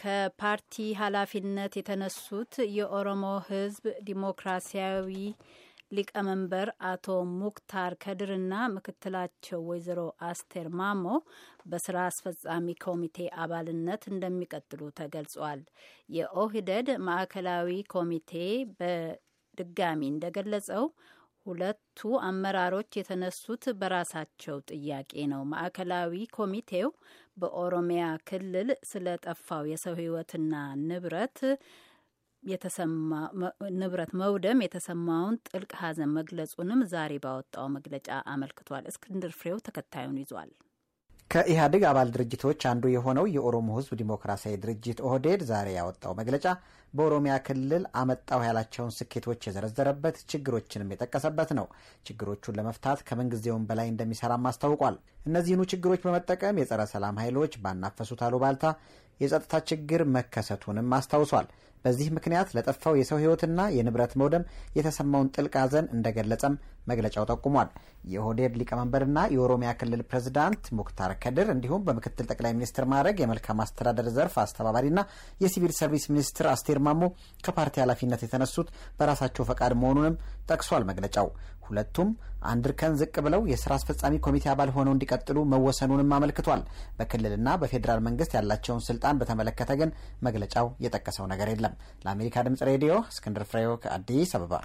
ከፓርቲ ኃላፊነት የተነሱት የኦሮሞ ሕዝብ ዲሞክራሲያዊ ሊቀመንበር አቶ ሙክታር ከድርና ምክትላቸው ወይዘሮ አስቴር ማሞ በስራ አስፈጻሚ ኮሚቴ አባልነት እንደሚቀጥሉ ተገልጿል። የኦህደድ ማዕከላዊ ኮሚቴ በድጋሚ እንደገለጸው ሁለቱ አመራሮች የተነሱት በራሳቸው ጥያቄ ነው። ማዕከላዊ ኮሚቴው በኦሮሚያ ክልል ስለጠፋው የሰው ሕይወትና ንብረት ንብረት መውደም የተሰማውን ጥልቅ ሐዘን መግለጹንም ዛሬ ባወጣው መግለጫ አመልክቷል። እስክንድር ፍሬው ተከታዩን ይዟል። ከኢህአዴግ አባል ድርጅቶች አንዱ የሆነው የኦሮሞ ህዝብ ዲሞክራሲያዊ ድርጅት ኦህዴድ ዛሬ ያወጣው መግለጫ በኦሮሚያ ክልል አመጣው ያላቸውን ስኬቶች የዘረዘረበት፣ ችግሮችንም የጠቀሰበት ነው። ችግሮቹን ለመፍታት ከምንጊዜውም በላይ እንደሚሰራም አስታውቋል። እነዚህኑ ችግሮች በመጠቀም የጸረ ሰላም ኃይሎች ባናፈሱት አሉባልታ የጸጥታ ችግር መከሰቱንም አስታውሷል። በዚህ ምክንያት ለጠፋው የሰው ሕይወትና የንብረት መውደም የተሰማውን ጥልቅ ሐዘን እንደገለጸም መግለጫው ጠቁሟል። የኦህዴድ ሊቀመንበርና የኦሮሚያ ክልል ፕሬዝዳንት ሙክታር ከድር እንዲሁም በምክትል ጠቅላይ ሚኒስትር ማዕረግ የመልካም አስተዳደር ዘርፍ አስተባባሪና የሲቪል ሰርቪስ ሚኒስትር አስቴር ማሞ ከፓርቲ ኃላፊነት የተነሱት በራሳቸው ፈቃድ መሆኑንም ጠቅሷል መግለጫው። ሁለቱም አንድ እርከን ዝቅ ብለው የስራ አስፈጻሚ ኮሚቴ አባል ሆነው እንዲቀጥሉ መወሰኑንም አመልክቷል። በክልልና በፌዴራል መንግስት ያላቸውን ስልጣን በተመለከተ ግን መግለጫው የጠቀሰው ነገር የለም። ለአሜሪካ ድምጽ ሬዲዮ እስክንድር ፍሬው ከአዲስ አበባ